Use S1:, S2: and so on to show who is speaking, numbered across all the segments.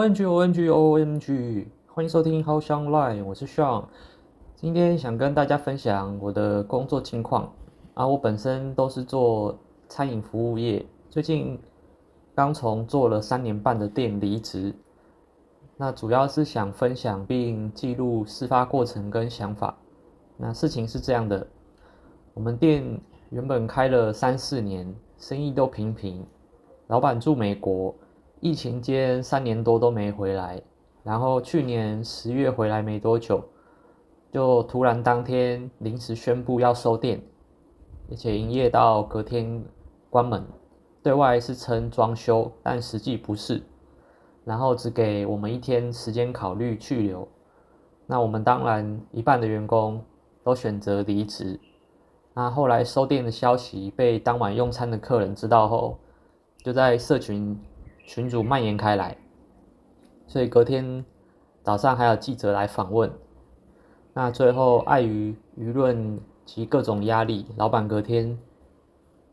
S1: OMG OMG OMG，歡迎收聽 How Sean Live，我是 Sean，今天想跟大家分享我的工作近況。啊，我本身都是做餐飲服務業，最近剛從做了三年半的店離職。那主要是想分享並記錄事發過程跟想法。那事情是這樣的，我們店原本開了三四年，生意都平平，老闆住美國。疫情期間三年多都沒回來，然後去年十月回來沒多久，就突然當天臨時宣布要收店，而且營業到隔天關門，對外是稱裝修，但實際不是，然後只給我們一天時間考慮去留，那我們當然一半的員工都選擇離職，那後來收店的消息被當晚用餐的客人知道後，就在社群群主蔓延開來，所以隔天早上還有記者來訪問。那最後礙於輿論及各種壓力，老板隔天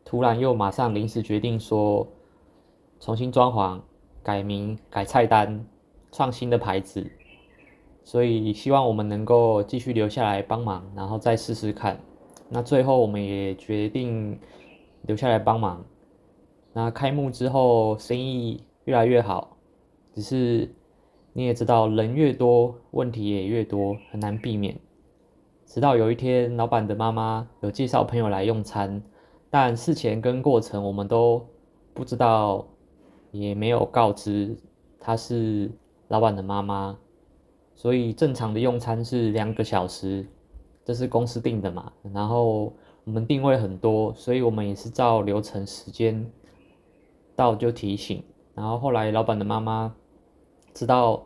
S1: 突然又馬上臨時決定說重新裝潢、改名、改菜單、創新的牌子。所以希望我們能夠繼續留下來幫忙，然後再試試看。那最後我們也決定留下來幫忙。那開幕之後，生意。越來越好，只是你也知道，人越多，問題也越多，很難避免。直到有一天，老闆的媽媽有介紹朋友來用餐，但事前跟過程我們都不知道，也沒有告知她是老闆的媽媽，所以正常的用餐是兩個小時，這是公司定的嘛。然後我們訂位很多，所以我們也是照流程時間到就提醒。然後後來，老闆的媽媽知道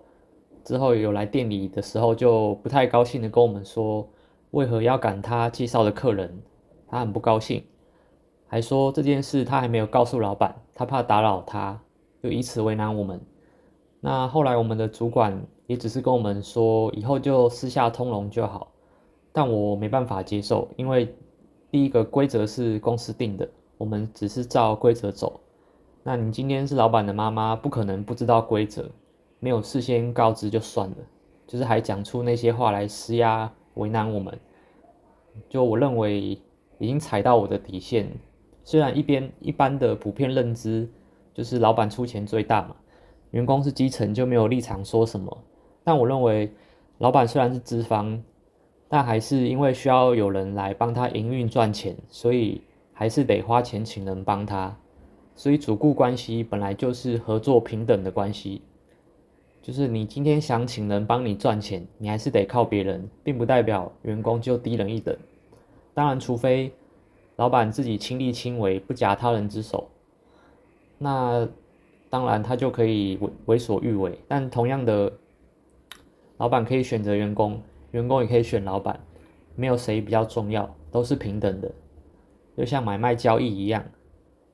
S1: 之後有來店裡的時候，就不太高興的跟我們說，為何要趕他介紹的客人，他很不高興，還說這件事他還沒有告訴老闆，他怕打擾他，就以此為難我們。那後來我們的主管也只是跟我們說以後就私下通融就好，但我沒辦法接受，因為第一個規則是公司定的，我們只是照規則走。那你今天是老闆的媽媽，不可能不知道規則，沒有事先告知就算了，就是還講出那些話來施壓為難我們，就我認為已經踩到我的底線。雖然一邊一般的普遍認知就是老闆出錢最大嘛，員工是基層就沒有立場說什麼，但我認為老闆雖然是資方，但還是因為需要有人來幫他營運賺錢，所以還是得花錢請人幫他。所以，主僱關係本來就是合作平等的關係，就是你今天想請人幫你賺錢，你還是得靠別人，並不代表員工就低人一等。當然，除非老闆自己親力親為，不假他人之手，那當然他就可以為為所欲為。但同樣的，老闆可以選擇員工，員工也可以選老闆，沒有誰比較重要，都是平等的，就像買賣交易一樣。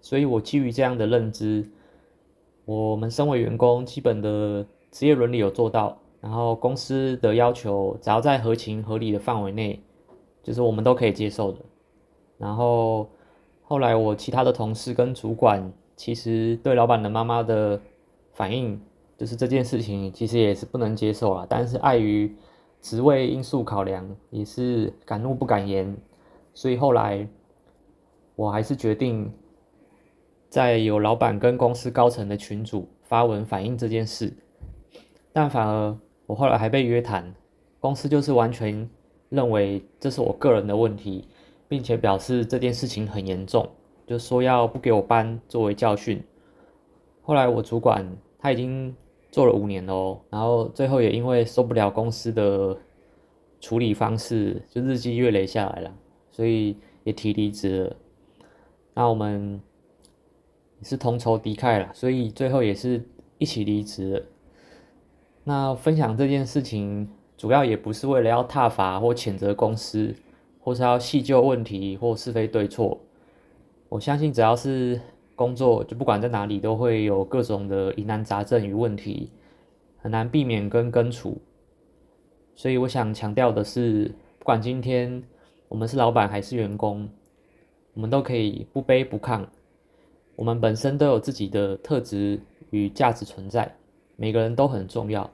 S1: 所以我基於這樣的認知，我們身為員工，基本的職業倫理有做到，然後公司的要求，只要在合情合理的範圍內，就是我們都可以接受的。然後後來我其他的同事跟主管，其實對老板的媽媽的反應，就是這件事情其實也是不能接受啊，但是礙於職位因素考量，也是敢怒不敢言，所以後來我還是決定。在有老闆跟公司高層的群組發文反映這件事，但反而我後來還被約談，公司就是完全認為這是我個人的問題，並且表示這件事情很嚴重，就是、說要不給我辦作為教訓。後來我主管他已經做了五年了，然後最後也因為受不了公司的處理方式，就日積月累下來了，所以也提離職了。那我們。也是同仇敵愾了，所以最後也是一起離職了。那分享這件事情，主要也不是為了要撻伐或譴責公司，或是要細究問題或是非對錯。我相信，只要是工作，就不管在哪裡，都會有各種的疑難雜症與問題，很難避免跟根除。所以我想強調的是，不管今天我們是老板還是員工，我們都可以不卑不亢。我們本身都有自己的特質與價值存在，每個人都很重要。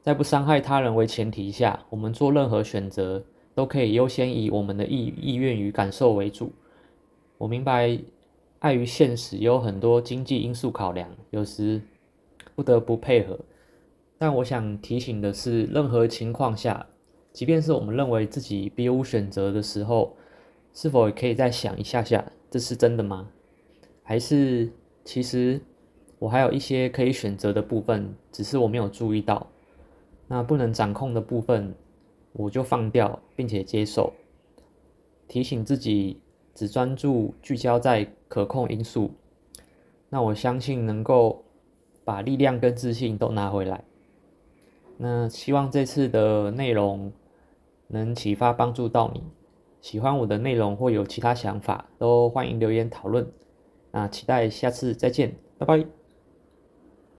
S1: 在不傷害他人為前提下，我們做任何選擇都可以優先以我們的意意願與感受為主。我明白，礙於現實有很多經濟因素考量，有時不得不配合。但我想提醒的是，任何情況下，即便是我們認為自己別無選擇的時候，是否也可以再想一下下，這是真的嗎？還是，其實我還有一些可以選擇的部分，只是我沒有注意到。那不能掌控的部分，我就放掉，並且接受。提醒自己只專注聚焦在可控因素，那我相信能夠把力量跟自信都拿回來。那希望這次的內容能啟發幫助到你。喜歡我的內容或有其他想法，都歡迎留言討論。那，啊，期待下次再見，拜拜。